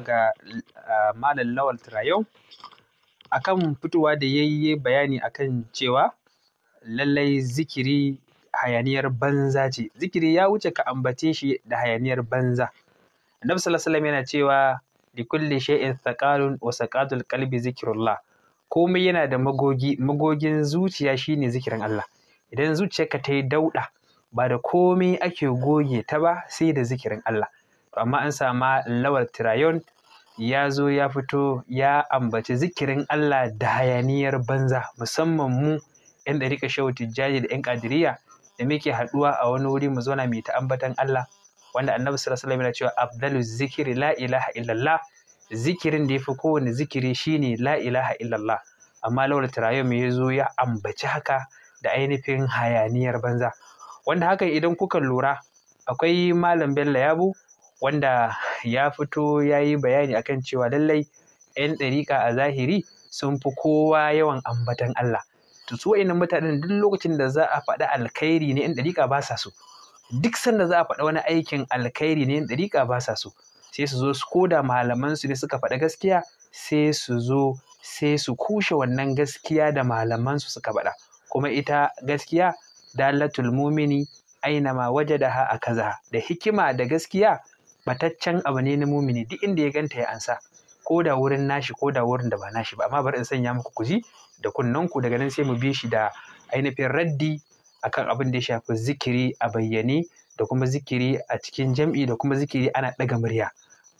ga Malam Lawal a akan fitowa da ya yi bayani akan cewa lallai zikiri hayaniyar banza ce zikiri ya wuce ka ambace shi da hayaniyar banza Nafi Salasalam yana cewa li kulli shay'in thaqalun wa saqatul qalbi zikrullah komai yana da magogi magogin zuciya shine zikirin Allah idan zuciyarka ta yi dauɗa ba da komai ake goge ta ba sai da zikirin Allah amma an sama lawal tirayon ya zo ya fito ya ambaci zikirin Allah da hayaniyar banza musamman mu 'yan ɗariƙa shehu tijjaji da 'yan ƙadiriyya da muke haɗuwa a wani wuri mu zauna mai ta ambatan Allah wanda annabi sallallahu alaihi yana cewa abdalu zikiri la ilaha illallah zikirin da yafi kowane zikiri shine la ilaha illallah amma lawal tirayon ya yazo ya ambaci haka da ainihin hayaniyar banza wanda haka idan kuka lura akwai malam bello yabo wanda ya fito ya yi bayani akan cewa lallai 'yan ɗariƙa a zahiri sun fi kowa yawan ambatan Allah to su wa'innan mutanen duk lokacin da za a faɗi alkhairi ne 'yan ɗariƙa ba sa so duk sanda za a faɗi wani aikin alkhairi ne 'yan ɗariƙa ba sa so sai su zo su koda malaman su ne suka faɗa gaskiya sai su zo sai su kushe wannan gaskiya da malamansu suka faɗa kuma ita gaskiya dalatul mumini aina ma wajadaha a kaza da hikima da gaskiya Mataccen abu ne na mumini duk inda ya ganta ya ansa ko da wurin nashi ko da wurin da ba nashi ba amma bari in sanya muku kuji da kunnanku daga nan sai mu bi shi da ainihin raddi akan abin da ya shafi zikiri a bayyane da kuma zikiri a cikin jam'i da kuma zikiri ana ɗaga murya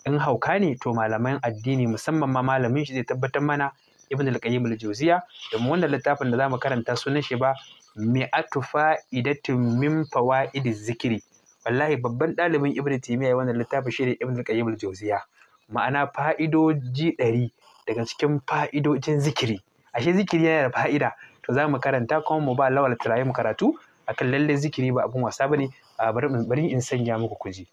in hauka ne to malaman addini musamman ma malamin shi zai tabbatar mana ibn al-qayyim al-jawziya mu wannan littafin da zamu karanta sunan shi ba mi'atu fa'idatin min fawa'idiz zikiri wallahi babban ɗalibin ibnu taymiya wannan littafin shine ibnu qayyim al-jawziya ma'ana fa'idoji ɗari daga cikin fa'idojin zikiri ashe zikiri yana da fa'ida to za mu karanta kuma mu ba lawal tarayi mu karatu akan lalle zikiri ba abun wasa bane bari in sanya muku kuji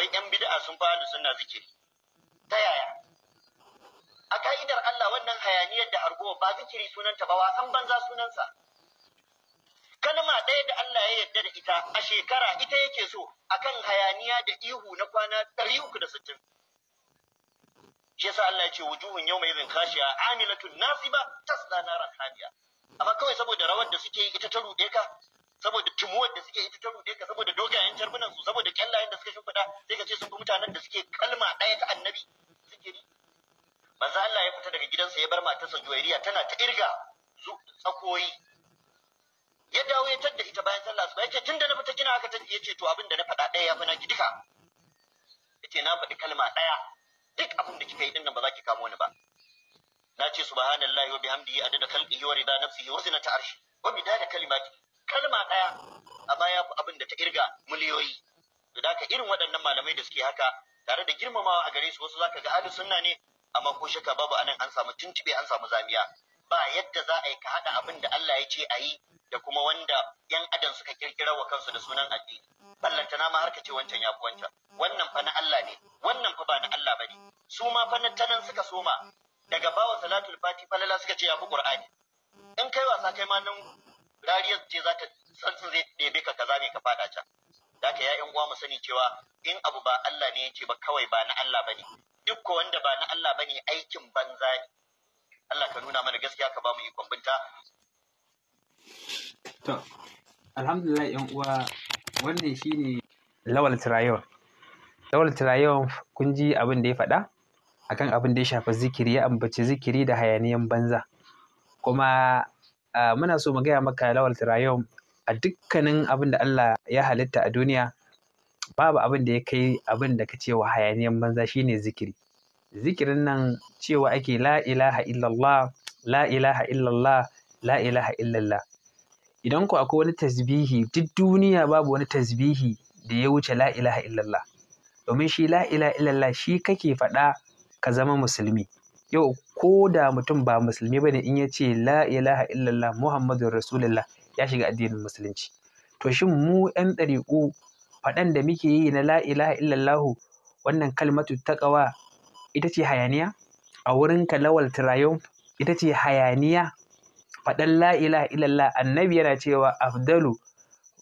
wai yan bid'a sun fa suna sunna zikiri ta yaya a ka'idar Allah wannan hayaniyar da argowa ba zikiri sunanta ba wasan banza sunansa kalma ɗaya da Allah ya yarda da ita a shekara ita yake so akan hayaniya da ihu na kwana uku 360 shi yasa Allah ya ce wujuhun yau mai kashiya amilatun nasiba tasla naran amma kawai saboda rawar da suke yi ita ta ruɗe ka saboda tumuwar da suke ita ta rude ka saboda dogayen jarmunan su saboda kyallayen da suka shimfida sai ka ce sun fi mutanen da suke kalma ɗaya ta annabi zikiri manzo Allah ya fita daga gidansa ya bar matarsa Juwairiya tana ta irga tsakoyi ya dawo ya tadda ita bayan sallah asuba yake tunda na fita kina haka ta yace to abin da na faɗa ɗaya ya fi naki duka yace na faɗi kalma ɗaya duk abin da kika yi dinnan ba za ki kamo ni ba na ce subhanallahi wa bihamdihi adada khalqihi wa rida nafsihi wa zinata arshi wa bidada kalimati kalma ɗaya a baya fi abin da ta irga miliyoyi to da irin waɗannan malamai da suke haka tare da girmamawa a gare su wasu zaka ga ahlus sunna ne amma ko shaka babu anan an samu tuntube an samu zamiya ba yadda za a yi ka haɗa abin da Allah ya ce a yi da kuma wanda yan adam suka kirkira wa kansu da sunan addini na ma har ka ce wancan ya fi wancan wannan fa na Allah ne wannan fa ba na Allah bane su ma fa na suka soma daga bawa salatul fati falala suka ce ya fi qur'ani in kai wasa kai ma nan rariyar ce za ta tsantsin zai ɗebe ka kaza ne ka fada can da ka ya uwa mu sani cewa in abu ba Allah ne yake ba kawai ba na Allah bane duk ko wanda ba na Allah bane aikin banza ne Allah ka nuna mana gaskiya ka ba mu ikon binta to alhamdulillah yan uwa wannan shine lawal lawal kun ji abin da ya faɗa akan abin da ya shafi zikiri ya ambaci zikiri da hayaniyan banza kuma Ah, muna so mu gaya maka lawal yau a dukkanin abin da Allah ya halitta a duniya babu abin da ya kai abin da ka ce wa hayaniyan banza shine zikiri zikirin nan cewa ake la ilaha illallah la ilaha illallah la ilaha illallah idan ku akwai wani tasbihi duk duniya babu wani tasbihi da ya wuce la ilaha illallah domin shi la ilaha illallah shi kake faɗa ka zama musulmi yau ko da mutum ba musulmi ba ne in ya ce la ilaha illallah muhammadun rasulullah ya shiga addinin musulunci to shin mu 'yan ɗariƙu faɗan da muke yi na la ilaha illallahu wannan kalmatu ƙawa ita ce hayaniya a wurin kalawal tirayon ita ce hayaniya faɗan La'ilaha ilaha illallah annabi yana cewa afdalu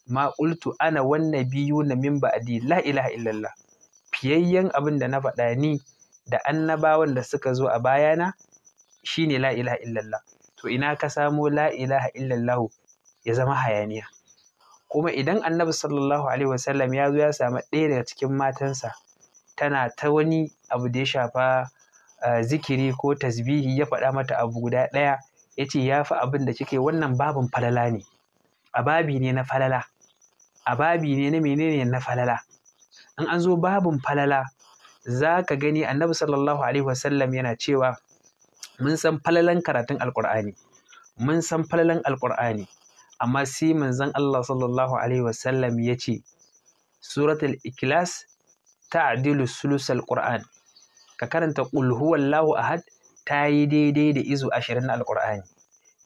ma qultu ana biyu na min ba'di la ilaha illallah fiyayyen abin da na faɗa ni da annabawan da suka zo a bayana ne la ilaha illallah to ina ka samo la ilaha illallah ya zama hayaniya kuma idan annabi sallallahu alaihi wasallam ya zo ya samu ɗaya daga cikin matansa tana ta wani abu da ya shafa eh, zikiri ko tasbihi ya faɗa mata abu guda ɗaya ya ce ya fi abin da kike wannan babin falala ne a babi ne na falala a babi ne na menene na falala in an zo babin falala za ka gani annabi sallallahu alaihi wasallam yana cewa mun san falalan karatun alkur'ani mun san falalan alkur'ani amma sai manzon Allah sallallahu alaihi wasallam ya ce suratul ikhlas ta'dilu sulusal qur'an ka karanta qul huwallahu ahad ta yi daidai da izo ashirin na alƙur'ani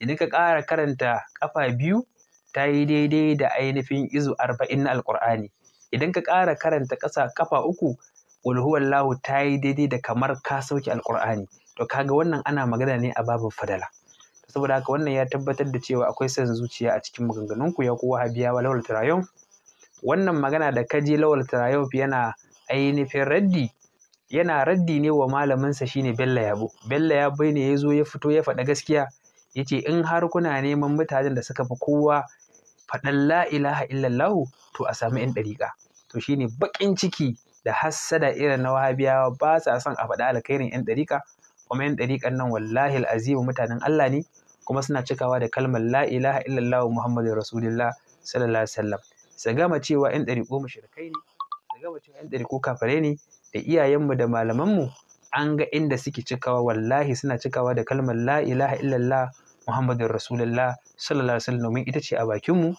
idan ka ƙara karanta ƙafa biyu ta yi daidai da ainihin izo arba'in na alƙur'ani idan ka ƙara karanta ƙasa ƙafa uku qul huwallahu tayi daidai da kamar ka sauke alqur'ani to kaga wannan ana magana ne a babin fadala saboda haka wannan ya tabbatar da cewa akwai son zuciya a cikin maganganun ku ya kuwa wa lawal tarayon wannan magana da kaje lawal tarayon yana ainihin raddi yana raddi ne wa malaminsa shine Bello Yabo Bello Yabo ne ya zo ya fito ya faɗa gaskiya yace in har kuna neman mutanen da suka fi kowa faɗan la ilaha illallahu to a samu 'yan ɗariƙa to shine baƙin ciki da hassada irin na wahabiyawa ba sa son a faɗa alkhairin yan ɗariƙa kuma yan ɗariƙan nan wallahi azimu mutanen Allah ne kuma suna cikawa da kalmar la ilaha illallah muhammadin rasulillah sallallahu alaihi wasallam su gama cewa yan ɗariƙo mushrikai ne su gama cewa yan ɗariƙo kafare ne da iyayenmu da malamanmu an ga inda suke cikawa wallahi suna cikawa da kalmar la ilaha illallah muhammadin rasulillah sallallahu alaihi wasallam domin ita ce a bakinmu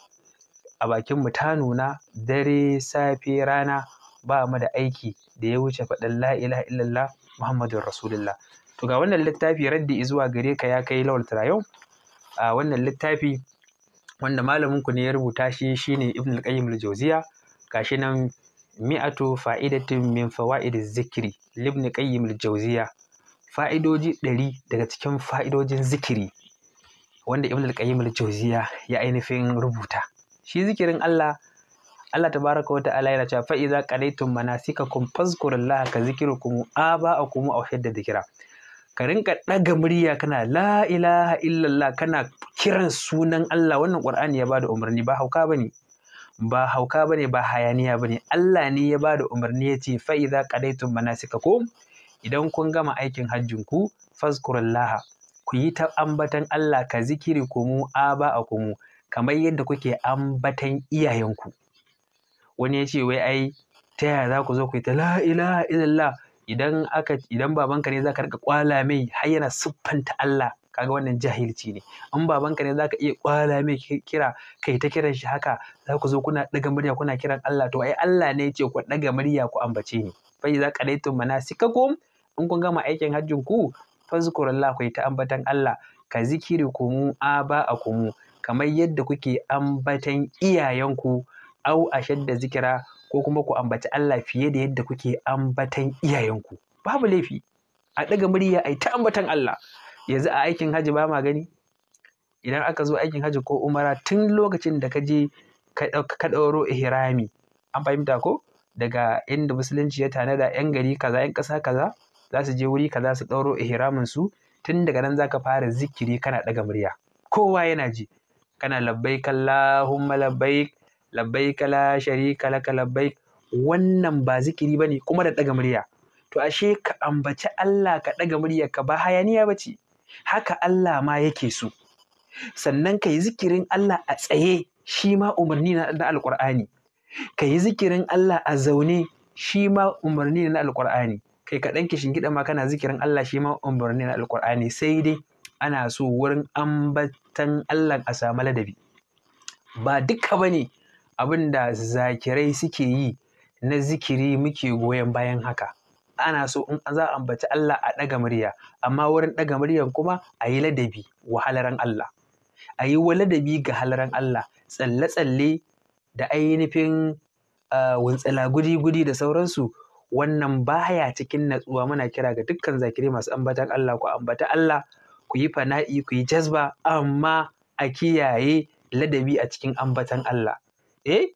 a bakinmu ta nuna dare safe rana ba mu da aiki da ya wuce faɗin la ilaha illallah muhammadun rasulullah to ga wannan littafi raddi zuwa gare ka ya kai lawal tarayau a wannan littafi wanda malamin ku ne ya rubuta shi shine ibn al-qayyim al-jawziya gashi nan mi'atu fa'idatin min az zikri ibn qayyim al-jawziya fa'idoji ɗari daga cikin fa'idojin zikiri wanda ibn al-qayyim al-jawziya ya ainihin rubuta shi zikirin Allah Allah tabaraka wa ta'ala yana cewa fa idza qadaytum manasikakum fazkurullaha ka zikrukum aba'akum aw da dhikra ka rinka ɗaga murya kana la ilaha illallah kana kiran sunan Allah wannan Qur'ani ya bada umarni ba hauka bane ba hauka bane ba hayaniya bane Allah ne ya bada umarni yace ce fa idza qadaytum manasikakum idan kun gama aikin hajjin ku fazkurullaha ku yi ta ambatan Allah ka zikiri kumu aba a kumu kamar yadda kuke ambatan iyayenku wani ya ce wai ai ta yaya za ku zo ku yi ta la ilaha illallah idan aka idan babanka ne zaka rika kwala mai har yana siffanta Allah Ka ga wannan jahilci ne in babanka ne zaka iya kwala mai kira kai ta kiran shi haka za ku zo kuna daga murya kuna kiran Allah to ai Allah ne yace ku ɗaga murya ku ambace ni fa iza qadaytum manasikakum in kun gama aikin hajjin ku fazkurullah ku ta ambatan Allah ka zikiri kumu aba akumu kamar yadda kuke ambatan iyayenku au a ashadda zikira ko kuma ku ambaci Allah fiye da yadda kuke ambatan iyayenku babu laifi a ɗaga murya a ta ambatan Allah yanzu a aikin haji ba ma gani idan aka zo aikin haji ko umara tun lokacin da ka je ka dauro ihrami an fahimta ko daga inda musulunci ya tanada yan gari kaza yan kasa kaza za su je wuri kaza su ɗauro ihramin su tun daga nan zaka fara zikiri kana ɗaga murya kowa yana ji kana labbaik Allahumma labbaik labbaik la sharika laka labbaik wannan ba zikiri bane kuma da ɗaga murya to ashe ka ambaci Allah ka ɗaga murya ka ba hayaniya ba ce. haka Allah ma yake so sannan ka yi zikirin Allah a tsaye shi ma umarni na alƙur'ani ka yi zikirin Allah a zaune shi ma umarni na alƙur'ani kai ka ɗan kishingiɗa ma kana zikirin Allah shi ma umarni na alƙur'ani sai dai ana so wurin ambatan Allah a samu ladabi ba duka bane abin da zakirai suke yi na zikiri muke goyon bayan haka ana so in za a ambaci Allah a ɗaga murya amma wurin ɗaga muryan kuma a yi ladabi wahalaran Allah a yi wa ladabi ga halaran Allah tsalle-tsalle da ainihin wuntsala gudi-gudi da sauransu wannan baya cikin natsuwa muna kira ga dukkan zakirai masu ambatan Allah ku ambata Allah ku yi fana'i ku yi jazba amma a kiyaye ladabi a cikin ambatan Allah eh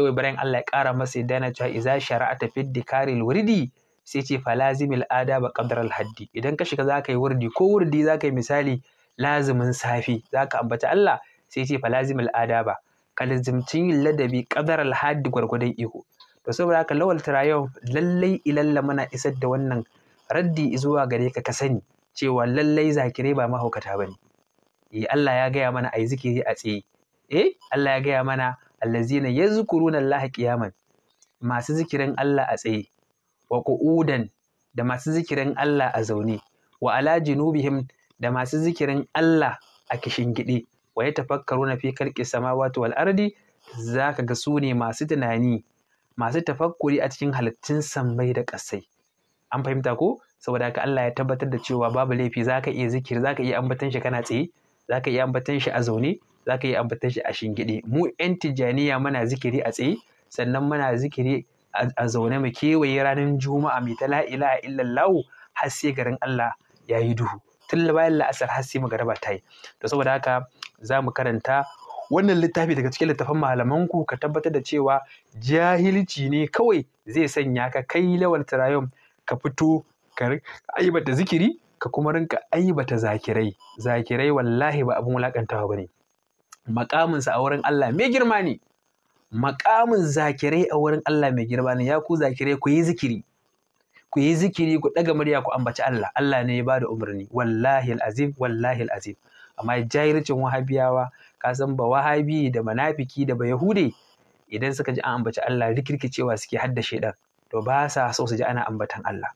wai ibrahim Allah ya ƙara masa yadda yana cewa iza shara'ata fi dikaril wurdi sai ce fa lazimil adaba qadar alhaddi haddi idan ka shiga zaka yi wurdi ko wurdi zaka yi misali lazimin safi zaka ambata Allah sai ce fa lazimil adaba ka lazimcin yin ladabi qadar alhaddi haddi gwargwadon iko to saboda haka lawal tarayon lallai ilalla mana isar da wannan raddi zuwa gare ka ka sani cewa lallai zakirai ba mahaukata ba ne. eh Allah ya gaya mana ayi zikiri a tsaye eh Allah ya gaya mana allazina yazkuruna Allah qiyaman masu zikirin Allah a tsaye wa qu'udan da masu zikirin Allah a zaune wa ala junubihim da masu zikirin Allah a kishin gidi. wa yatafakkaruna fi khalqi samawati wal ardi zaka ga su ne masu tunani masu tafakkuri a cikin halittun sammai da ƙasai an fahimta ko saboda haka Allah ya tabbatar da cewa babu laifi zaka iya zikir zaka iya ambaton shi kana tsaye zaka iya ambaton shi a zaune za ka yi ambatan shi a shingiɗe mu 'yan tijjaniya muna zikiri a tsaye sannan muna zikiri a zaune mu kewaye ranar juma'a mai ta la'ila a illar har sai garin Allah ya yi duhu tun bayan la'asar har sai magaraba ta yi to saboda haka za mu karanta wannan littafi daga cikin littafin malamanku ka tabbatar da cewa jahilci ne kawai zai sanya ka kai lawal tarayon ka fito ka aibata zikiri ka kuma rinka aibata zakirai zakirai wallahi ba abin wulakantawa ba ne makaminsa a wurin Allah mai girma ne makamin zakirai a wurin Allah mai girma ne ya ku zakirai ku yi zikiri ku yi zikiri ku ɗaga murya ku ambaci Allah Allah ne ya bada umarni wallahi alazim wallahi alazim amma jahilcin wahabiyawa ka san ba wahabi da manafiki da ba yahude idan suka ji an ambaci Allah rikirkicewa suke hadda shaidan to ba sa so su ji ana ambatan Allah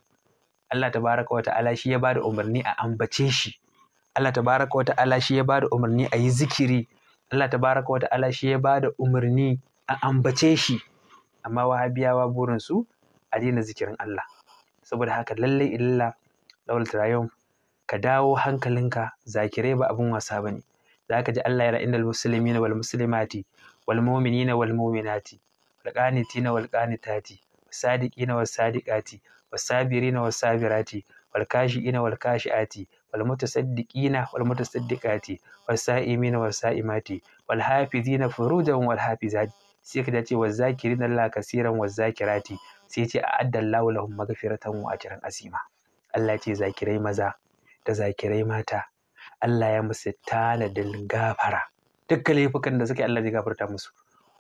Allah tabaraka wa ta'ala shi ya bada umarni a ambace shi Allah tabaraka wa ta'ala shi ya bada umarni a yi zikiri Allah tabaraka wa ta'ala shi ya bada umarni a ambace shi amma wahabiyawa burinsu a daina zikirin Allah saboda haka lallai illa ta tarayyum ka dawo hankalinka Zakire ba abin wasa bane zaka ji Allah yana innal muslimina wal muslimati wal mu'minina wal mu'minati wal qanitina wal qanitati wasadiqina was sadiqati was sabirina wal kashiina wal kashiati wal mutasaddiqina wal mutasaddiqati was sa'imina was sa'imati wal hafizina sai ka ce waz zakirina Allah kaseeran waz zakirati sai ce a'adda Allahu lahum maghfiratan wa ajran asima Allah ce zakirai maza da zakirai mata Allah ya musu tanadin gafara dukkan laifukan da suka yi Allah zai gafarta musu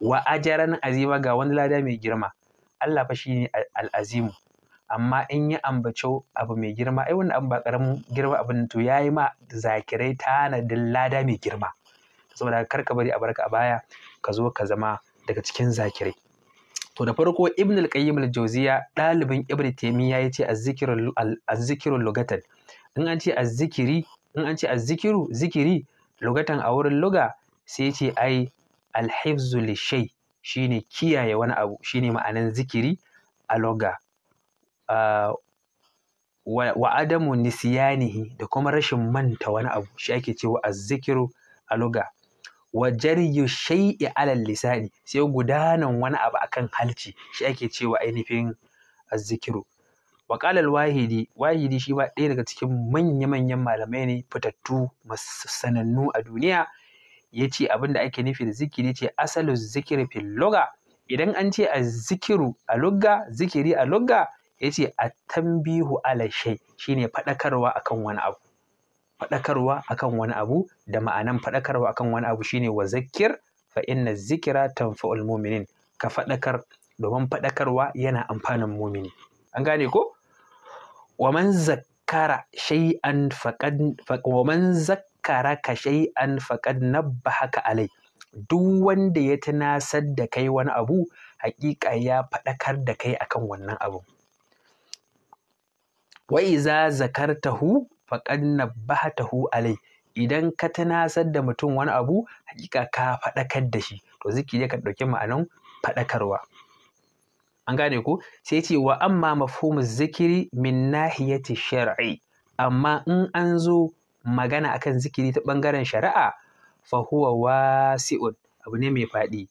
wa ajaran azima ga wani lada mai girma Allah fa shine al amma in ya ambaci abu mai girma ai wannan abu ba ƙaramin girma abin to yi ma zakirai tanadin lada mai girma saboda kar ka bari a barka a baya ka zo ka zama daga cikin zakirai to da farko ibn al-qayyim al-jawziya dalibin ibn taymiya yace az-zikru lugatan in an ce az-zikri in an ce az-zikru zikiri lugatan a wurin luga sai yace ai al-hifzu li shay shine kiyaye wani abu shine ma'anan zikiri a loga wa adamu nisiyanihi da kuma rashin manta wani abu shi ake cewa azzikiru a luga wa jariyu shay'i alal lisani sai gudanan wani abu akan halci shi ake cewa ainihin azzikiru wa qala wahidi wahidi shi ba ɗaya daga cikin manya manyan malamai ne fitattu masanannu sanannu a duniya yace da ake nufi da zikiri ce asalin zikiri fil luga idan an ce azzikiru a lugga zikiri a lugga yace at-tanbihu ala shai shine faɗakarwa akan wani abu faɗakarwa akan wani abu da ma'anan faɗakarwa akan wani abu shine wa zakkir fa inna zikra tanfa'ul mu'minin ka faɗakar, domin faɗakarwa yana amfanin mu'mini an gane ko wa man zakkara shay'an faqad wa man zakkara ka shay'an faqad nabbahaka alai duk wanda ya tunasar da kai wani abu haƙiƙa ya faɗakar da kai akan wannan abun. wa iza zakartahu faqad tahu alai idan ka tunasar da mutum wani abu hakika ka faɗakar da shi to zikiri ka ɗauki ma'anan faɗakarwa an gane ko sai ce wa amma mafhumu zikiri min nahiyati shar'i amma in an zo magana akan zikiri ta ɓangaren shari'a fa huwa wasi'un abu ne mai faɗi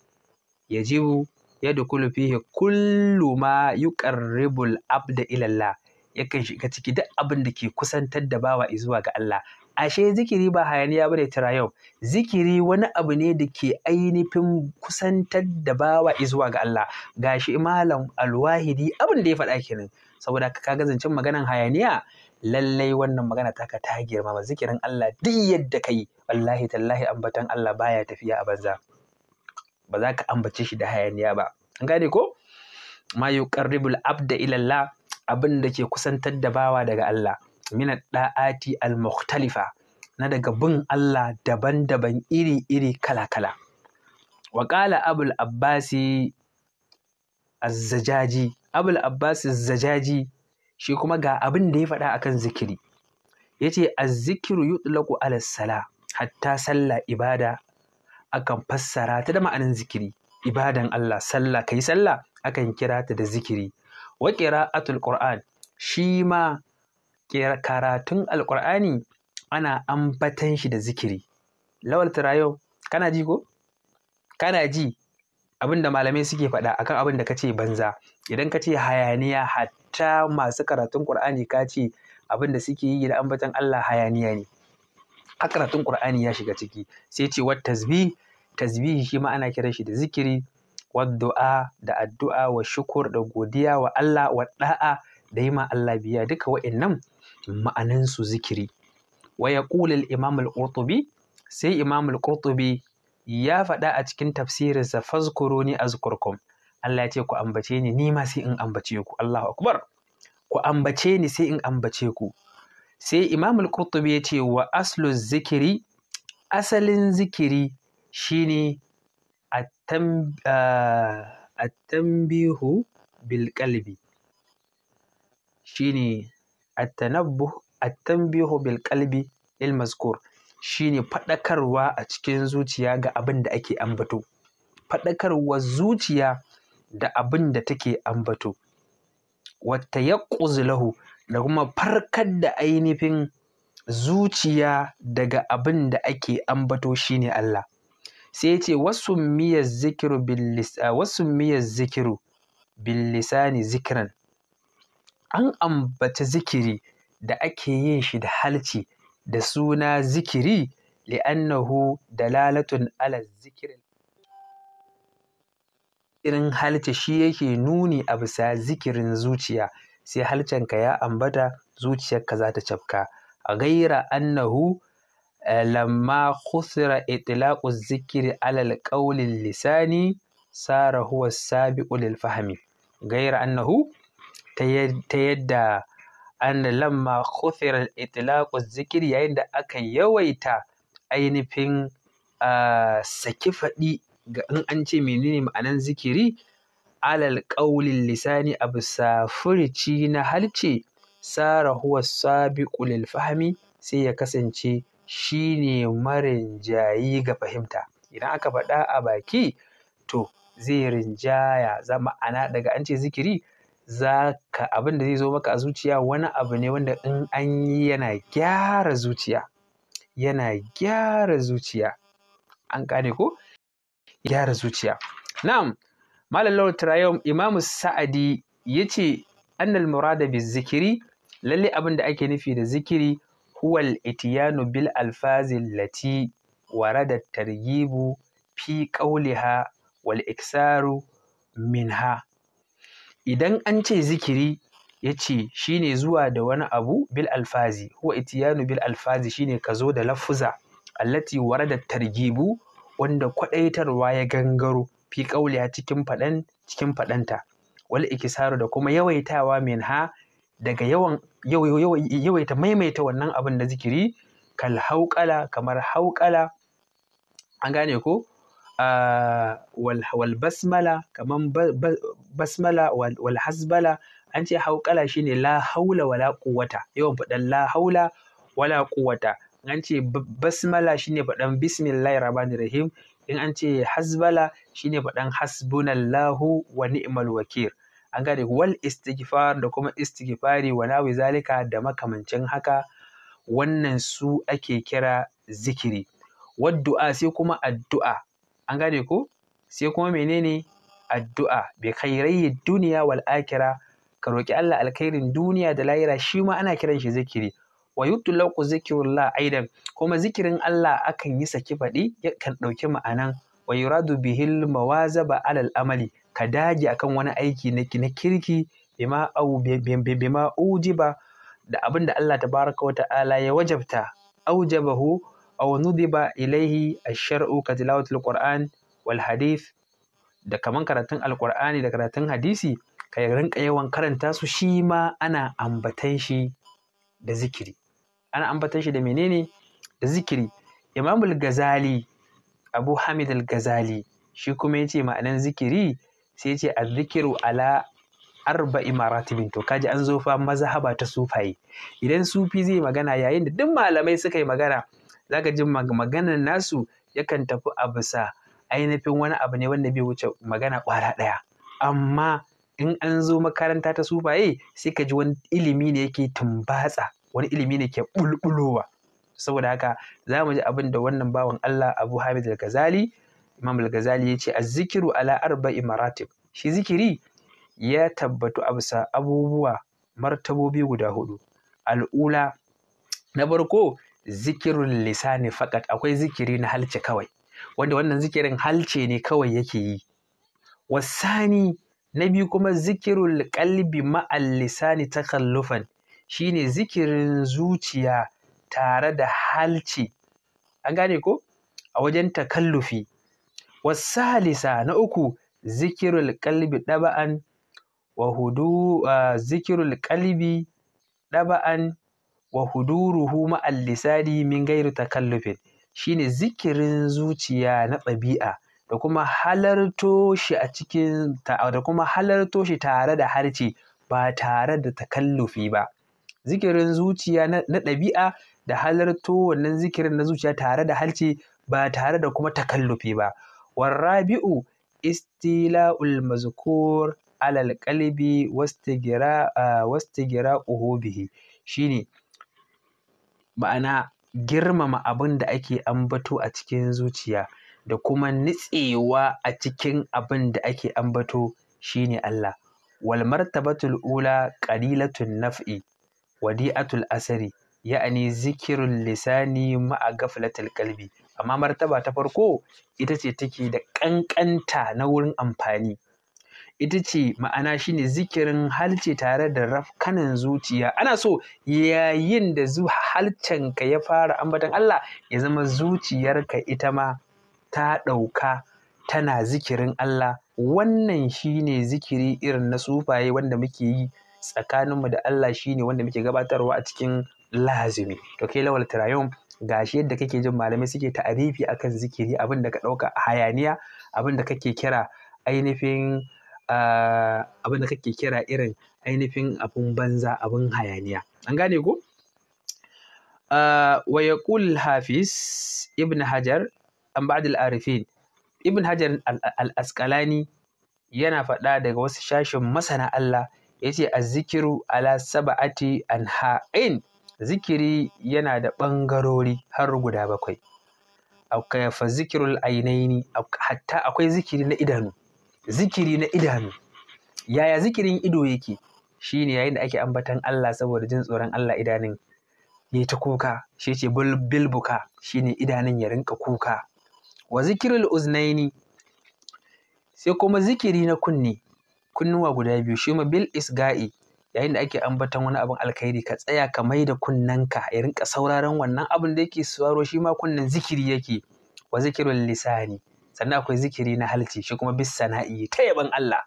yajibu yadkhulu fihi kullu ma yuqarribul abda ila yakan shiga ciki duk abin da ke kusantar da bawa izuwa ga Allah ashe zikiri ba hayaniya ba bane yau? zikiri wani abu ne da ke ainihin kusantar da bawa izuwa ga Allah Ga shi malam alwahidi abin da ya faɗa kenan saboda ka kaga zancen maganan hayaniya lallai wannan magana ta ka ta girma ba zikirin Allah duk yadda kai wallahi tallahi ambaton Allah baya tafiya a banza ba za ka ambace shi da hayaniya ba an gane ko ma yuqarribul abda ila abin da ke kusantar da bawa daga Allah min da'ati al-mukhtalifa na daga bin Allah daban-daban iri-iri kala-kala wa qala abul abbasi az-zajaji abul abbasi zajaji shi kuma ga abin da ya faɗa akan zikiri yace az-zikru yutlaqu ala sala hatta sallah ibada akan fassara ta da ma'anin zikiri ibadan Allah sallah kai sallah akan kira ta da zikiri wa qira'atul qur'an shi ma karatun alqur'ani ana ambatan shi da zikiri lawal tirayo kana ji ko kana ji abin da malamai suke faɗa akan abin da kace banza idan kace hayaniya hatta masu karatun qur'ani ka ce abin da suke yi da ambatan Allah hayaniya ne karatun qur'ani ya shiga ciki sai ce wat tasbih tasbihi shi ma ana kiran shi da zikiri waddu'a da addu'a wa shukur da godiya wa Allah wa da'a da yi ma Allah biya duka wa'innan ma'anansu zikiri wa ya al-imam al-qurtubi sai imam al-qurtubi ya faɗa a cikin tafsirin tafsirinsa fazkuruni azkurkum Allah ya ce ku ambace ni ni ma sai in ambace ku Allahu akbar ku ambace ni sai in ambace ku sai imam al-qurtubi ya ce wa aslu zikiri asalin zikiri shine Ah, attanbihu tanbihu bil qalbi shine at shine faɗakarwa a cikin zuciya ga abin da ake ambato. Faɗakarwar zuciya da abin da take ambato. wata tayaqquz lahu da kuma farkar da ainifin zuciya daga abin da ake ambato shine Allah. sai ce wasu miyar zikiru wasu miyar zikiru billisani zikiran an ambata zikiri da ake yin shi da halci da suna zikiri li'annahu dalalatun ala zikirin irin halce shi yake nuni a bisa zikirin zuciya sai halcenka ya ambata zuciyarka za ta cafka a gaira annahu lamma khusira itlaqu zikiri alal alqawli lisani sara huwa sabiqu lil gaira annahu ta yadda an lamma khusira itlaqu zikri yayin da aka yawaita ainihin saki faɗi ga in an ce menene ma'anan zikiri alal ƙaulin lisani abu bisa furici na ce sara huwa sabiqu lil sai ya kasance shi ne marinjayi ga fahimta idan aka faɗa a baki to zai rinjaya za ma'ana daga an ce zikiri za ka abin da zai zo maka a zuciya wani abu ne wanda in an yi yana gyara zuciya yana gyara zuciya an ƙane ko gyara zuciya na'am malam lawal turayom imamu sa'adi ya ce annal murada bi zikiri lalle abin da ake nufi da zikiri Huwal Itiyanu bil alfazi allati warada at-targhibu fi qawliha wal minha idan an ce zikiri ya shi shine zuwa da wani abu bil alfazi huwa Itiyanu bil alfazi shine ka zo da lafuza allati wara da targhibu wanda kwaɗaitarwa ya gangaro fi qawliha cikin faɗan cikin faɗanta wal iksaru da kuma yawaitawa minha daga yawan yawaita maimaita wannan abin na zikiri kal hauƙala kamar hauƙala an gane ko ah, wal basmala kamar basmala wal hasbala an ce hauƙala shine la haula wala quwwata yawan faɗan la haula wala quwwata an ce basmala shine faɗan bismillahir rahmanir rahim in an ce hasbala shine faɗan hasbunallahu wa ni'mal wakil an gane wal istighfar da kuma istighfari wa nawi zalika da makamancin haka wannan su ake kira zikiri waddu'a sai kuma addu'a an gane ko sai kuma menene addu'a bi khairai duniya wal akhira ka roƙi Allah alkhairin duniya da lahira shi ma ana kiran shi zikiri wa yutlaqu zikrullah aidan kuma zikirin Allah akan yi saki faɗi Yakan ɗauki ma'anan wa yuradu bihil mawazaba alal amali ka dage akan wani aiki na kirki bima au bima ujiba da abin da Allah tabaraka wa ta'ala ya wajabta aujabahu aw nudiba ilaihi ash-shar'u ka tilawatul qur'an wal hadith da kamar karatun alqur'ani da karatun hadisi ka rinka yawan karanta su shi ma ana ambatan shi da zikiri ana ambatan shi da menene da zikiri imamul gazali abu hamid al shi kuma ya ce ma'anan zikiri sai ce azzikiru ala arba imaratibin to kaji an zo fa mazahaba ta sufaye idan sufi zai magana yayin da duk malamai suka yi magana zaka ji maganar nasu yakan tafi a bisa ainihin wani abu ne wanda bai wuce magana kwara ɗaya amma in an zo makaranta ta sufaye sai ka ji wani ilimi ne yake tumbatsa wani ilimi ne ke bulbulowa saboda haka za mu ji abin da wannan bawan Allah Abu Hamid al-Ghazali Imam al-Ghazali ya ce azzikiru ala arba'i maratib shi zikiri ya tabbatu a bisa abubuwa martabobi guda hudu al'ula na farko zikirin lisani fakat akwai zikiri na halce kawai wanda wannan zikirin halce ne kawai yake yi wasani na biyu kuma zikirul kalbi ma'al lisani takallufan shine zikirin zuciya tare da halce an gane ko a wajen takallufi wasalisa na uku zikirul qalbi ɗaba'an wa hudu zikirul qalbi daba'an wa huduruhu ma'al lisani min gairu takallufin shine zikirin zuciya na ɗabi'a da kuma halarto shi a cikin da kuma halarto shi tare da harce ba tare da takallufi ba zikirin zuciya na ɗabi'a da halarto wannan zikirin na zuciya tare da harce ba tare da kuma takallufi ba warrabi'u istila'ul المذكور على القلب واستجراء واستجراؤه به shine ma'ana girmama abin da ake ambato a cikin zuciya da kuma nitsewa a cikin abin da ake ambato shine Allah wal martabatul ula qalilatun naf'i wadi'atul asari ya'ani zikrul lisani ma'a gaflatul qalbi amma martaba ta farko ita ce take da ƙanƙanta na wurin amfani ita ce ma'ana shine zikirin halce tare da rafkanan zuciya ana so yayin da zu halcenka ya fara ambatan Allah ya zama zuciyarka ita ma ta ɗauka tana zikirin Allah wannan shine zikiri irin na sufaye wanda muke yi tsakaninmu da Allah shine wanda muke gabatarwa a cikin lazimi to kai lawal tarayyum gashi yadda kake jin malamai suke ta'arifi kan zikiri abin da ka ɗauka hayaniya abin da kake kira ainihin ah, abin da kake kira irin ainihin abin banza abin hayaniya an gane ko ah, wa yaqul hafiz ibn hajar an ba'd al-arifin ibn hajar al-asqalani yana faɗa daga wasu shashin masana Allah yace azzikiru ala sab'ati anha'in zikiri yana da ɓangarori har guda bakwai akwai fa zikirul ainaini hatta akwai zikiri na idanu zikiri na idanu yaya zikirin ido yake shine yayin da ake ambatan Allah saboda jin tsoron Allah idanun yayi ta kuka shi ce bilbuka shine idanun ya rinka kuka wa zikirul uznaini sai kuma zikiri na kunne kunnuwa guda biyu shi ma bil isga'i yayin da ake ambaton wani abin alkhairi ka tsaya ka mai da kunnenka ya rinka sauraron wannan abin da yake sauraro shi ma kunnen zikiri yake wa zikirul lisani sannan akwai zikiri na halci shi kuma bis sana'i ta yaban Allah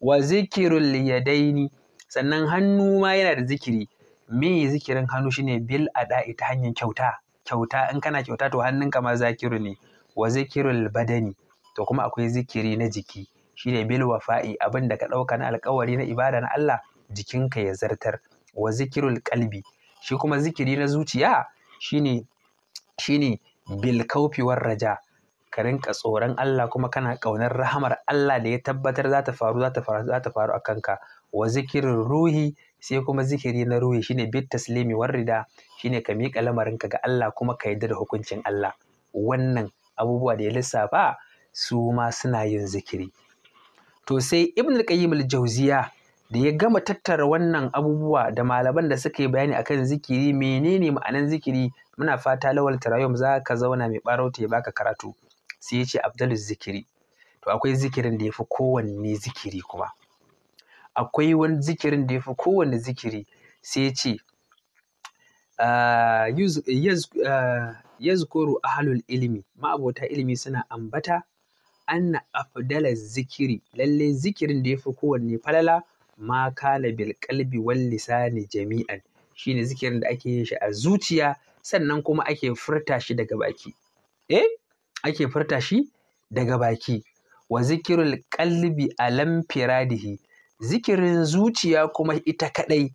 wa zikirul liyadaini sannan hannu ma yana da zikiri me zikirin hannu shine bil ada'i ta hanyar kyauta kyauta in kana kyauta to hannunka ma zakiru ne wa zikirul badani to kuma akwai zikiri na jiki shine bil wafa'i abin da ka ɗauka na alkawari na ibada na Allah jikinka ya zartar wa zikirul kalbi shi kuma zikiri na zuciya shine shine bil kaufiwar raja ka rinka tsoron Allah kuma kana ƙaunar rahamar Allah da ya tabbatar za ta faru za ta faru a kanka wa zikirin ruhi sai kuma zikiri na ruhi shine bit taslimi warrida shine ka miƙa lamarinka ga Allah kuma ka yarda da hukuncin Allah wannan abubuwa da ya lissafa su ma suna yin zikiri to sai ibn al-qayyim al-jawziya da ya gama tattara wannan abubuwa da malaman da suka yi bayani akan zikiri menene ma'anan zikiri muna fata lawal tarayum za ka zauna mai barauta ya baka karatu sai ya ce abdalus zikiri to akwai zikirin da ya fi kowanne zikiri kuma akwai wani zikirin da ya fi kowanne zikiri sai ya ce ah, ah, yazkuru ahlul ilimi ma'abota ilimi suna ambata anna afdalaz zikiri lalle zikirin da ya fi kowanne falala ma kana bil kalbi wal lisani jami'an shine zikirin da ake yin shi a zuciya sannan kuma ake furta shi daga baki eh ake furta shi daga baki wa zikirul qalbi alam firadihi zikirin zuciya kuma ita kadai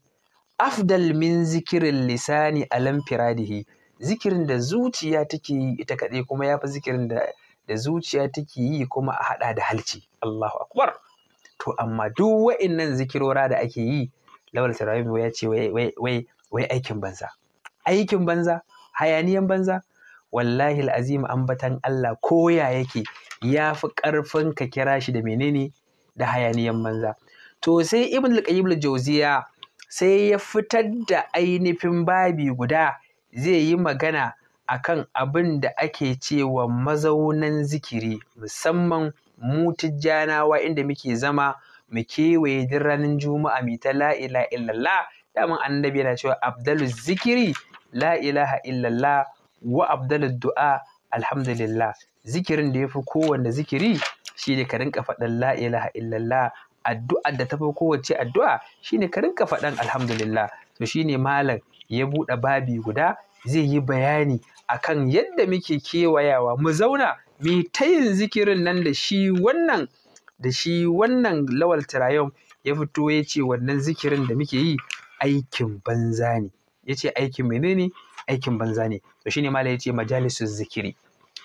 afdal min zikirin lisani alam firadihi zikirin da zuciya take yi ita kadai kuma yafi zikirin da da zuciya take yi kuma a hada da halci Allahu akbar to amma duk wa'innan zikirora da ake yi lawal sarabi ya ce wai wai aikin banza aikin banza hayaniyan banza wallahi azim ambatan Allah koya yake ya fi ƙarfin ka kira shi da menene da hayaniyan banza to sai ibn al-qayyim al-jawziya sai ya fitar da ainihin babi guda zai yi magana akan abin da ake cewa mazaunan zikiri musamman mu tijjanawa inda muke zama mu kewaye duk ranar juma'a mu ta la ilaha illallah daman annabi yana cewa abdalu zikiri la ilaha illallah wa abdalu du'a alhamdulillah zikirin da yafi kowanne zikiri ne ka rinka faɗan la ilaha illallah addu'a da tafi kowace addu'a ne ka rinka faɗan alhamdulillah to shine malam ya buɗe babi guda zai yi bayani akan yadda muke kewayawa mu zauna mu ta yin zikirin nan da shi wannan da shi wannan Lawal Tirayon ya fito ya ce wannan zikirin da muke yi aikin banza ne ya ce aikin menene aikin banza ne to shine mala ya ce majalisun zikiri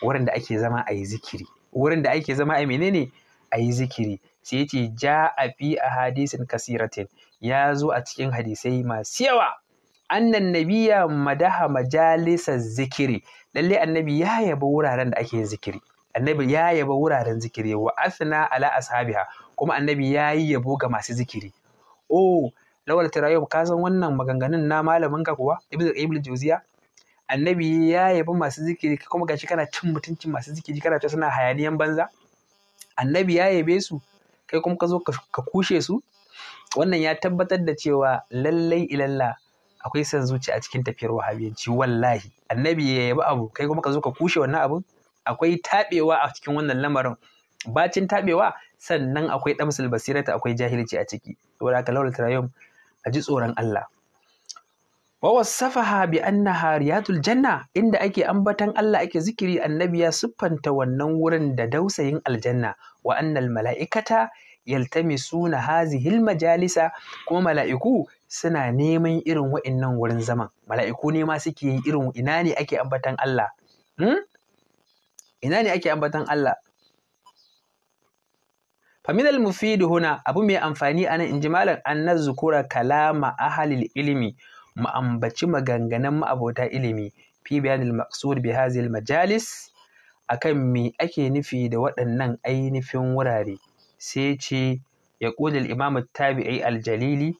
wurin da ake zama a yi zikiri wurin da ake zama a menene a yi zikiri sai ya ce ja a fi a hadisin kasiratin ya zo a cikin hadisai masu yawa annan nabiya madaha majalisar zikiri lalle annabi ya yaba wuraren da ake yin zikiri annabi ya yaba wuraren zikiri wa asna ala ashabiha kuma annabi ya yi yabo ga masu zikiri oh lawal tarayyub ka san wannan maganganun na malamin ka kuwa ibn qayyim al annabi ya yaba masu zikiri kuma gashi kana cin mutuncin masu zikiri kana ta suna hayaniyan banza annabi ya yabe su kai kuma ka zo ka kushe su wannan ya tabbatar da cewa lallai ilallah akwai son zuciya a cikin tafiyar wahabiyanci wallahi annabi ya yabi abu kai kuma ka zo ka kushe wannan abun akwai tabewa a cikin wannan lamarin bacin tabewa sannan akwai damsul basirata akwai jahilci a ciki saboda haka laula tarayum a ji tsoron Allah wa wasafaha bi annaha riyatul janna inda ake ambatan Allah ake zikiri annabi ya siffanta wannan wurin da dausayin aljanna wa annal mala'ikata yaltamisuna hazihil majalisa kuma mala'iku suna neman irin wa'innan wurin zaman mala'iku ne ma suke yi irin ina ne ake ambatan Allah hmm? ina ne ake ambatan Allah faminal mufidi huna abu mai amfani anan inji malam an zukura kalama ahalil ilimi mu ambaci maganganun ma'abota ilimi fi bayanil maqsud bi hazil majalis akan me ake nufi da waɗannan ainihin wurare sai ce ya ƙudil imam tabi'i aljalili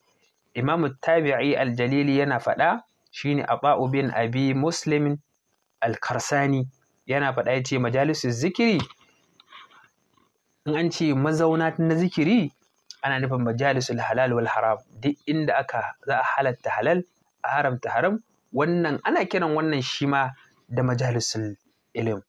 imamu tabi'i aljalili yana faɗa shine aba'u bin abi muslim alkarsani yana faɗa ya ce majalisun zikiri in an ce mazauna na zikiri ana nufin majalisul halal wal haram duk inda aka za a halatta halal a haramta haram wannan ana kiran wannan shi ma da majalisun ilim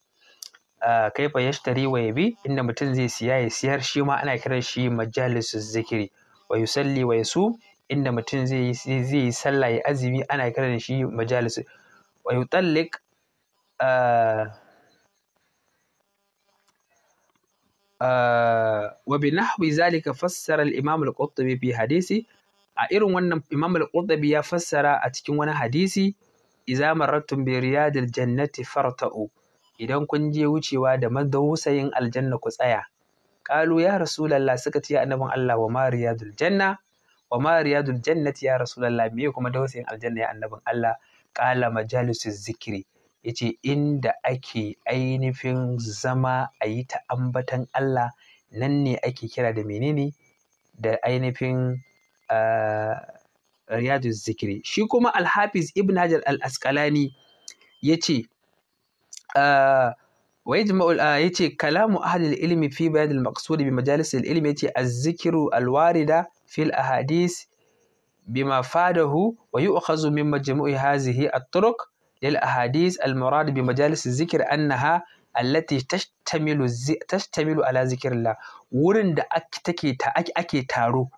kaifa yashtari wa yabi inda mutum zai siya ya siyar shi ma ana kiran shi majalisu zikiri wa yusalli wa yasum inda mutum zai yi zai sallah ya azumi ana kira da shi majalis wa yutalliq ah, ah, wa bi nahwi zalika fassara al-imam al-qurtubi fi hadisi a irin wannan imam al-qurtubi ya fassara a cikin wani hadisi idza marartum bi riyadil jannati farta'u idan kun je wucewa da madawusayin aljanna ku tsaya Ƙalu ya rasu rasulullah suka ce annabin Allah wa ma riyadul janna wa ma riyadul jannati ya rasulullah me kuma dausayin aljanna ya annabin Allah qala majalisus zikri yace inda ake ainifin zama ayi ta ambatan Allah nan ne ake kira da menene da ainifin ah, riyadul zikri shi kuma alhafiz ibn hajar al-asqalani yace ويجمع يتي كلام أهل العلم في بيان المقصود بمجالس العلم يتي الذكر الواردة fil ahadis بما فاده ويؤخذ من مجموع هذه الطرق للأحاديث المراد بمجالس الذكر أنها التي تشتمل تشتمل على ذكر الله wurin da take ake taro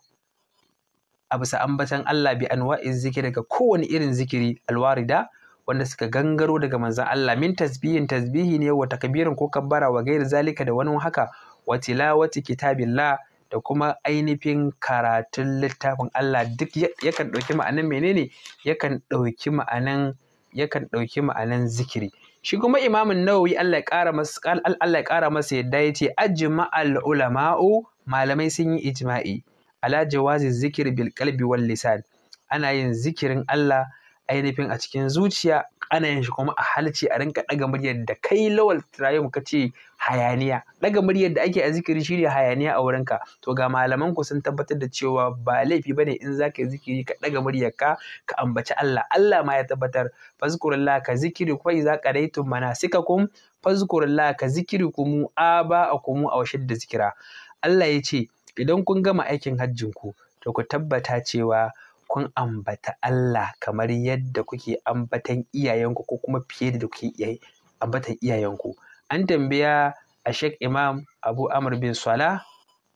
a bisa ambatan Allah bi anwa'in zikiri daga kowane irin zikiri alwarida wanda suka gangaro daga manzon Allah min tasbihin tasbihi ne wata takbirin ko bara wa gairi zalika da wani haka wa tilawati kitabillah da kuma ainihin karatun littafin Allah duk yakan ɗauki ma'anan menene yakan ɗauki ma'anan yakan ɗauki ma'anan zikiri shi kuma imamin nawawi Allah ya ƙara masa Allah ya ƙara masa yadda yace ajma'al ulama'u malamai sun yi ijma'i ala jawazi zikir bil qalbi wal lisan ana yin zikirin Allah ainihin a cikin zuciya ana yin shi kuma a halci a rinka ɗaga muryar da kai lawal tirayin ka ce hayaniya ɗaga muryar da ake a zikiri shine hayaniya a wurinka to ga malaman ku sun tabbatar da cewa ba laifi ba ne in zaka yi zikiri ka ɗaga muryar ka ka ambaci Allah Allah ma ya tabbatar fazkurullah ka zikiri kai za ka daitu manasikakum fazkurullah ka zikiri kumu aba akumu a washid da zikira Allah ya ce idan kun gama aikin hajjin ku to ku tabbata cewa kun ambata Allah kamar yadda kuke ambatan iyayenku ko kuma fiye da kuke ambatan iyayenku an tambaya a Sheikh Imam Abu Amr bin Salah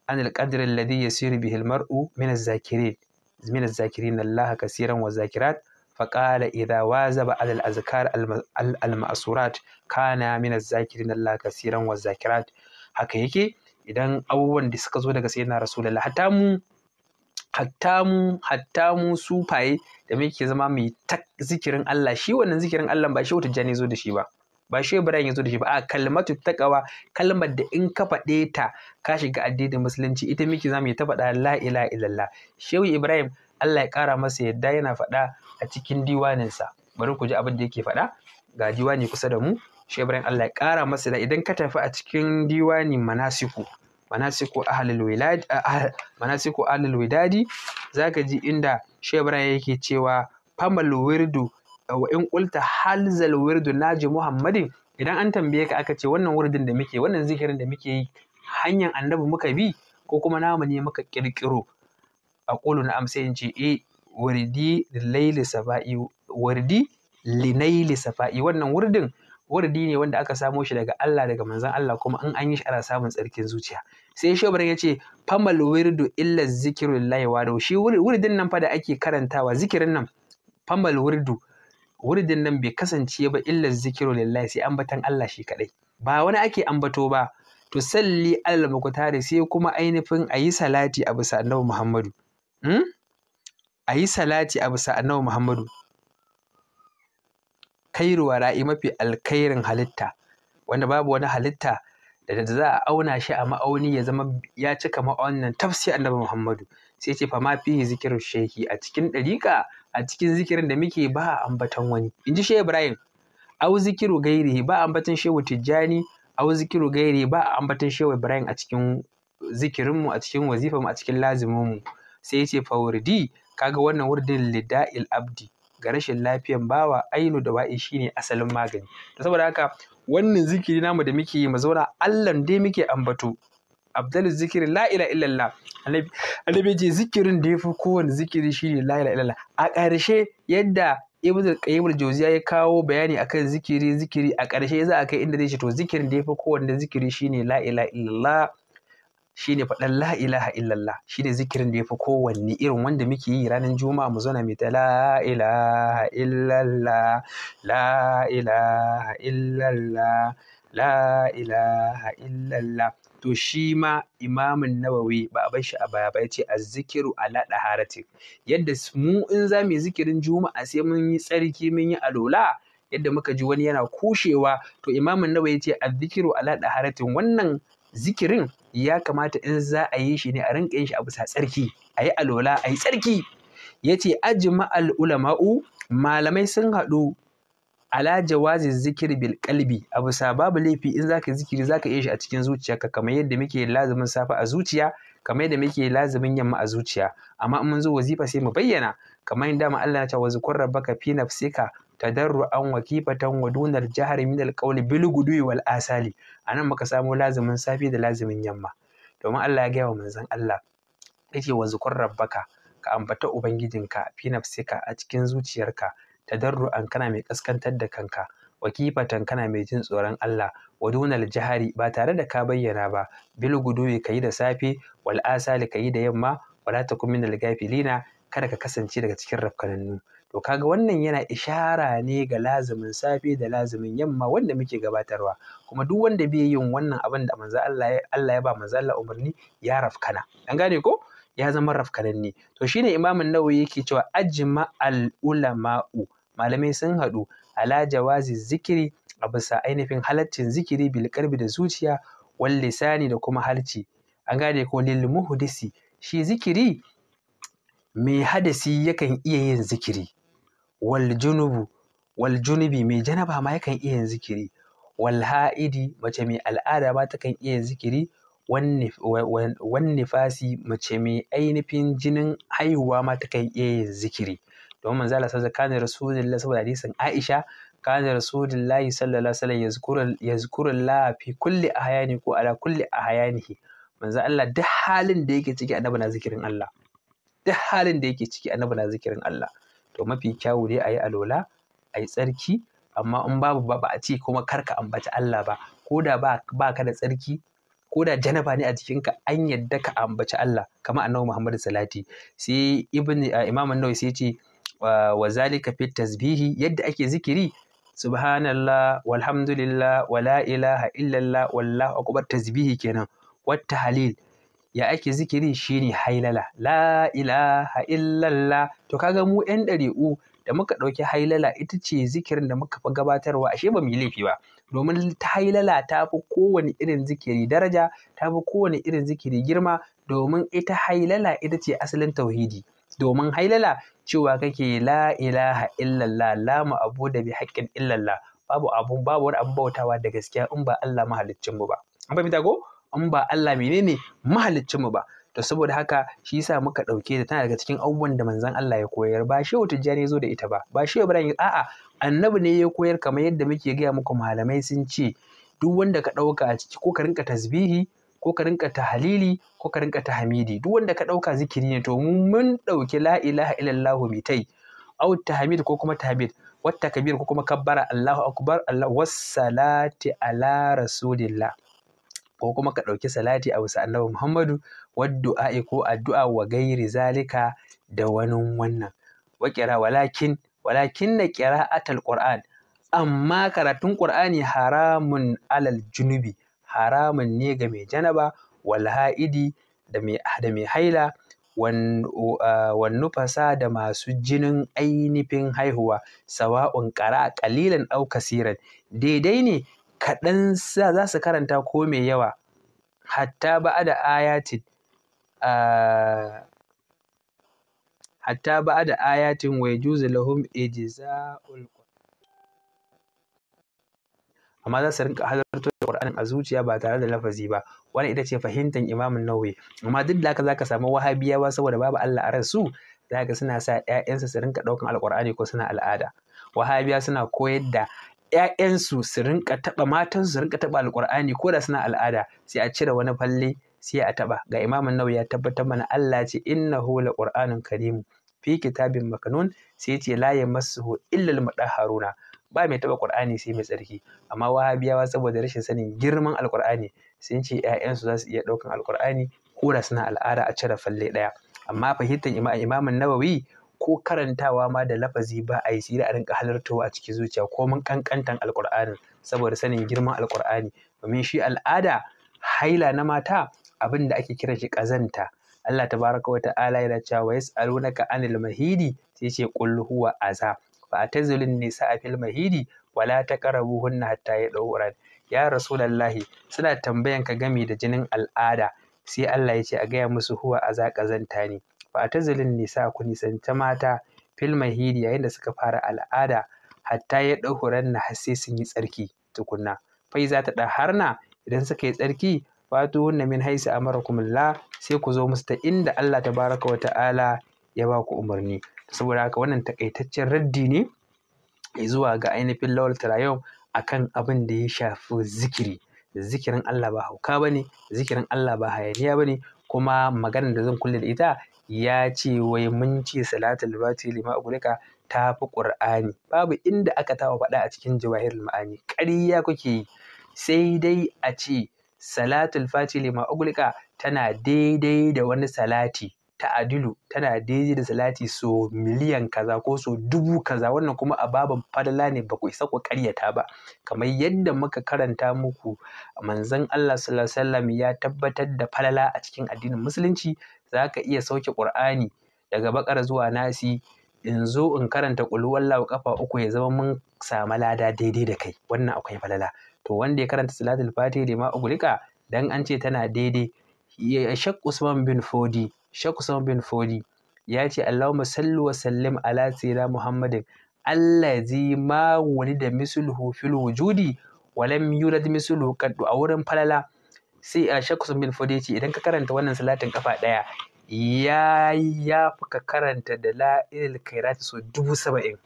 an al-qadr alladhi yasiru bihi al-mar'u min az-zakirin من الذاكرين الله كثيرا والذاكرات فقال إذا واظب على الأذكار المأسورات كان من الذاكرين الله كثيرا والذاكرات haka yake idan abubuwan da suka zo daga na rasu da mu hatta mu sufaye da muke zama mai zikirin Allah shi wannan zikirin Allah ba shi wata jani zo da shi ba ba shi Ibrahim ya zo da shi ba a kalmatu taqwa kalmar da in ka faɗe ta ka shiga addinin musulunci ita miki zamu mai ta faɗa la ilaha illallah shehu Ibrahim Allah ya ƙara masa yadda yana faɗa a cikin sa bari ku ji abin da yake faɗa ga diwani kusa da mu shehu Ibrahim Allah ya ƙara masa da idan ka tafi a cikin diwani manasiku manasiku ahlul wilad eh, ah, manasiku ahlul widadi zaka ji inda shebra yake cewa famal wirdu wa in qulta halzal wirdu naji muhammadin idan an tambaye ka aka ce wannan wurdin da muke wannan zikirin da muke yi hanyar annabi muka bi ko kuma namu ne muka kirkiro a ƙulu na amsa in ce eh wardi lilaili safa'i wardi linaili safa'i wannan wurdin wurdi ne wanda aka samo shi daga Allah daga manzon Allah kuma in an yi shi ana samun tsarkin zuciya sai shobar ya ce famal wirdu illa zikirul lahi wa shi wurdin nan fa da ake karantawa zikirin nan famal wirdu wurdin nan bai kasance ba illa zikiru lillahi sai ambatan Allah shi kadai ba wani ake ambato ba to salli alal muqtari sai kuma ainihin ayi salati a bisa annabi Muhammadu hmm? ayi salati a bisa annabi Muhammadu wa ra'i mafi alkhairin halitta wanda babu wani halitta da da za a auna shi a ma'auni ya zama ya cika ma'aunin tafsi annabi Muhammadu sai ce fa ma fi zikirin shehi a cikin dariƙa a cikin zikirin da muke ba ambatan wani in ji shehu Ibrahim au zikiru gairi ba ambatan shehu Tijjani au zikiru gairi ba ambatan shehu Ibrahim a cikin zikirinmu a cikin wazifanmu a cikin laziminmu sai ce fa wurdi kaga wannan wurdin lida'il abdi ga rashin lafiyan bawa ainu da wa'i shine asalin magani to saboda haka wannan zikiri namu da muke yi mu zauna Allah dai muke ambato abdul zikirin la ila illallah annabi ce zikirin da yafi kowanne zikiri shine la ila illallah a ƙarshe yadda ibnu qayyim al-jawziya ya kawo bayani akan zikiri zikiri a ƙarshe za a kai inda zai ce to zikirin da yafi kowanne zikiri shine la ila illallah Shi ne faɗan la ilaha illallah ne zikirin da ya fi kowanne irin wanda muke yi ranar juma'a mu zana mai ta la ilaha illallah la ilaha illallah to shi ma imamin nawawi ba a bar shi a baya ba yace azzikiru ala daharati yadda mu in za mu yi zikirin juma'a sai mun yi tsarki mun yi alola yadda muka ji wani yana kushewa to imamin nawawi yace azzikiru ala daharatin wannan zikirin ya kamata in za a yi shi ne a rinƙa yin shi a bisa tsarki a yi alola, a yi tsarki ya ce ajima ulama'u malamai sun haɗu ala jawazi zikir bil kalbi a bisa babu laifi in zaka zikiri zaka yi shi a cikin Ka kamar yadda muke lazumin safa a zuciya kamar yadda muke lazumin yamma a zuciya amma in mun zo wazifa sai mu bayyana kamar yadda mu Allah ya ce wazkur rabbaka fi nafsika tadarruan wa kifatan wa dunar jahri min al qawli bil gudu wal asali a nan muka samo lazumin safe da lazumin yamma domin Allah ya gaya wa manzon Allah yace wa zukun rabbaka ka ambata ubangijinka fi nafsika a cikin zuciyarka tadarru'an kana mai kaskantar da kanka wa kifatan kana mai jin tsoron Allah wa dunal jahari ba tare da ka bayyana ba bil guduwi kayi da safe wal asali kayi da yamma wala takum minal gafilina kada ka kasance daga cikin rafkanannu To kaga wannan yana ishara ne ga lazumin safe da lazumin yamma wanda muke gabatarwa. Kuma duk wanda bai yin wannan abin da manzo Allah Allah ya ba manzo Allah umarni ya rafkana. An gane ko? Ya zama rafkananne. To shine Imamin Nawawi yake cewa ajma al ulama'u malamai sun haɗu ala jawazi zikiri a bisa ainihin halaccin zikiri bil qalbi da zuciya wal lisani da kuma harci. An gane ko lil muhdisi shi zikiri mai hadasi yakan iya yin zikiri wal waljunubi mai janaba ma yakan iya yin zikiri Walha'idi mace mai al'ada ma takan iya yin zikiri Wannifasi nifasi mace mai ainihin jinin haihuwa ma takan iya yin zikiri domin manzo Allah sallallahu alaihi wasallam saboda hadisin Aisha kana rasulullahi sallallahu alaihi wasallam yazkuru yazkurullaha fi kulli ahyani ko ala kulli ahyanihi manzo Allah duk halin da yake ciki annabi na zikirin Allah duk halin da yake ciki annabi na zikirin Allah to mafi kyawu dai a yi alwala a yi tsarki amma in babu ba ba a ce kuma kar ka ambaci Allah ba ko da ba ka da tsarki ko da janaba ne a jikinka an yadda ka ambaci Allah kamar annabi Muhammad salati sai ibn imam an-nawawi sai ce wa zalika fit tasbihi yadda ake zikiri subhanallah walhamdulillah wala ilaha illallah wallahu akbar tasbihi kenan wat tahlil ya ake zikiri shine hailala la ilaha illallah to kaga mu yan ɗari'u da muka ɗauki hailala ita ce zikirin da muka fi gabatarwa ashe ba mu yi laifi ba domin ta hailala ta fi kowane irin zikiri daraja ta fi kowane irin zikiri girma domin ita hailala ita ce asalin tauhidi domin hailala cewa kake la ilaha illallah la mu abu da bi haƙƙin illallah babu abun babu wani abun bautawa da gaskiya in ba Allah mahaliccin mu ba an fahimta ko in ba Allah menene mahaliccin mu ba to saboda haka shi yasa muka ɗauke da tana daga cikin abubuwan da manzon Allah ya koyar ba shi tijjani ya zo da ita ba ba shi ibrahim a'a annabi ne ya koyar kamar yadda muke gaya muku malamai sun ce duk wanda ka ɗauka a ciki ko ka rinka tasbihi ko ka rinka tahalili ko ka rinka tahmidi duk wanda ka ɗauka zikiri ne to mun ɗauki la ilaha illallah mitai au tahmid ko kuma tahmid wata kabir ko kuma kabbara Allahu akbar Allah wassalati ala rasulillah ko kuma ka ɗauki salati a bisa annabi Muhammadu waddu'a'i ko addu'a wa gairi zalika da wani wannan wa kira walakin walakin na atal qur'an amma karatun ƙur'ani haramun alal junubi haramun ne ga mai janaba wal ha'idi da mai da mai haila wan nufasa da masu jinin ainihin haihuwa sawa'un ƙara ƙalilan au kasiran daidai ne kaɗan za su karanta ko mai yawa hatta da ayatin hatta da ayatin wai yajuzu lahum amma za su rinka halartar da ƙwar'anin a zuciya ba tare da lafazi ba Wani ita ce fahimtar imamun nauyi. amma duk da haka ka samu wahabiyawa saboda babu Allah a ransu ka suna sa 'ya'yansa su rinka ɗaukan alƙur'ani ko suna al'ada wahabiya suna koyar da ‘ya'yansu su rinka taɓa matansu su rinka taɓa alƙur'ani ko da suna al'ada sai a cire wani falle sai a taɓa ga imamun nawa ya tabbatar mana Allah ce inna hula ƙur'anin karimu fi kitabin makanun sai ce la illal maɗa Haruna, ba mai taɓa ƙur'ani sai mai tsarki amma wahabiyawa saboda rashin sanin girman alƙur'ani sun ce ‘ya'yansu za su iya ɗaukan alƙur'ani ko da suna al'ada a cire falle ɗaya amma fahimtar imamun nawawi ko karantawa ma da lafazi ba a yi sai da a rinka halartowa a cikin zuciya ko mun kankantan Alƙur'ani saboda sanin girman alƙur'ani domin shi al'ada haila na mata abin da ake kiran shi ƙazanta Allah tabaraka wa ta'ala yana cewa wa yas'alunaka anil mahidi sai ce qul huwa aza fa atazilun nisa fil mahidi wala taqrabuhunna hatta yadawran ya rasulullahi suna tambayan ka game da jinin al'ada sai Allah ya ce a gaya musu huwa aza ƙazanta ne fa'tazilin nisa ku nisanci mata fil mahidi yayin da suka fara al'ada hatta ya na har sai sun yi tsarki tukunna fai za ta harna idan suka yi tsarki fatu hunna min haisi amarakumullah sai ku zo musu ta inda Allah Ta baraka wa ta'ala ya ba ku umarni saboda haka wannan takaitaccen raddi ne zuwa ga ainihin lawal tarayom akan abin da ya shafi zikiri zikirin Allah ba hauka bane zikirin Allah ba hayaniya bane kuma maganar da zan kulle da ita ya ce wai mun ce salatul fati lima agulika ta fi ƙur'ani babu inda aka taɓa faɗa a cikin jawahirul ma'ani ƙarya kuke yi sai dai a ce salatul fati lima agulika tana daidai da wani salati ta adilu tana daidai da salati so miliyan kaza ko so dubu kaza wannan kuma a babin falala ne ba ku isa ku ƙaryata ba kamar yadda muka karanta muku manzon Allah sallallahu alaihi ya tabbatar da falala a cikin addinin musulunci za ka iya sauke ƙur'ani daga baƙar zuwa nasi in zo in karanta ƙulhuwallahu ƙafa uku ya zama mun samu lada daidai da kai wannan akwai falala to wanda ya karanta salatul fatihi da ma ugulika dan an ce tana daidai shak usman bin fodi shak usman bin fodi ya ce allahumma sallu wa sallim ala sayyidina muhammadin allazi ma wani da misluhu fil wujudi walam yurad misluhu qad a wurin falala sai a ah, shakusun bin fodeci idan ka karanta wannan salatin kafa ɗaya ya ya ka karanta da la'ilil kairati so dubu saba'in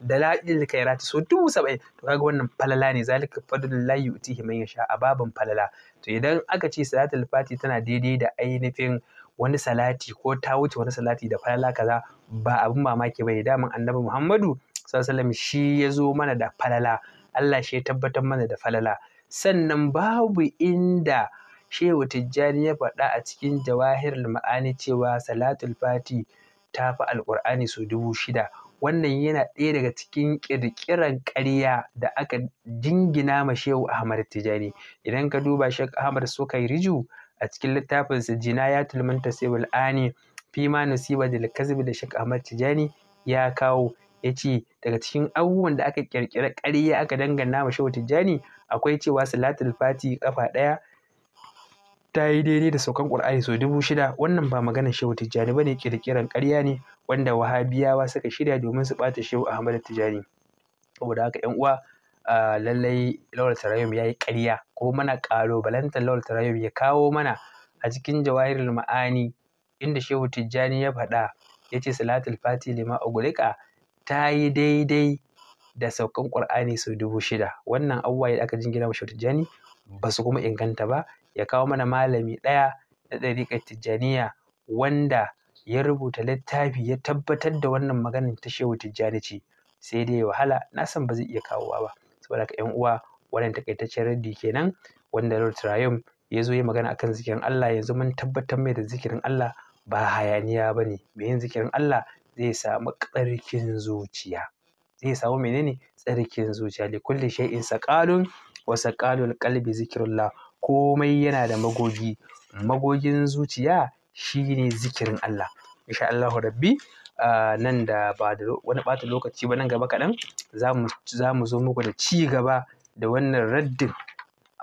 da la'ilil kairati so dubu saba'in to kaga wannan falala ne zalika fadlun la yu'tihi man yasha a baban falala to idan aka ce salatul fati tana daidai da ainihin wani salati ko ta wuce wani salati da falala kaza ba abin mamaki bane daman annabi Muhammadu sallallahu alaihi wasallam shi ya zo mana da falala Allah shi ya tabbatar mana da falala sannan babu inda Shehu Tijjani ya faɗa a cikin Jawahirul Ma'ani cewa Salatul Fati ta fi Alƙur'ani su dubu shida. Wannan yana ɗaya daga cikin ƙirƙiran ƙarya da aka jingina ma Shehu Ahmad Tijjani. Idan ka duba Shehu Ahmad su kai riju a cikin littafinsa Jinayatul Muntasibul Ani fi ma nasiba da kazbi da Shehu Ahmad Tijjani ya kawo ya ce daga cikin abubuwan da aka ƙirƙira ƙarya aka dangana ma Shehu Tijjani akwai cewa salatul fati kafa ɗaya ta yi daidai da saukan ƙur'ani sau dubu shida wannan ba maganar shehu tijjani ba ne ƙirƙiran ƙarya ne wanda wahabiyawa suka shirya domin su ɓata shehu ahmadu tijjani saboda haka yan uwa lallai lawal tarayyum ya yi ƙarya ko mana ƙaro, balantan lawal tarayyum ya kawo mana a cikin jawahirul ma'ani inda shehu tijjani ya faɗa ya ce salatul fati lima ugulika ta yi daidai da saukan ƙur'ani sau dubu shida wannan abubuwa da aka jingina wata tijjani ba su kuma inganta ba ya kawo mana malami ɗaya na ɗariƙar tijjaniya wanda ya rubuta littafi ya tabbatar da wannan maganar ta shehu tijjani ce sai dai wahala na san ba zai iya kawowa ba saboda haka 'yan uwa wannan takaitaccen raddi kenan wanda Lord Trayum ya zo yi magana akan zikirin Allah yanzu mun tabbatar mai da zikirin Allah ba hayaniya ba ne mai yin zikirin Allah zai samu ƙarfin zuciya zai samu menene tsarkin zuciya li kulli shay'in saqalun wa saqalul qalbi zikrullah komai yana da magogi magogin zuciya shine zikirin Allah insha Allahu rabbi nan da ba da wani ɓata lokaci ba nan gaba kaɗan za mu zo muku da ci gaba da wannan raddin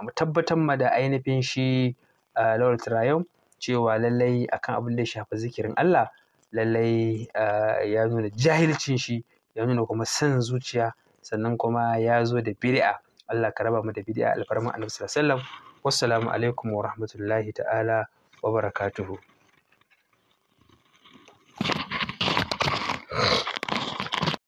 mu tabbatar ma da ainihin shi lawal tirayon cewa lallai akan abin da ya shafi zikirin Allah lallai ya nuna jahilcin shi ya nuna kuma son zuciya sannan kuma ya zo da bid'a Allah ka raba mu da bid'a alfarma annabi sallallahu alaihi wasallam wassalamu alaikum wa rahmatullahi ta'ala wa barakatuhu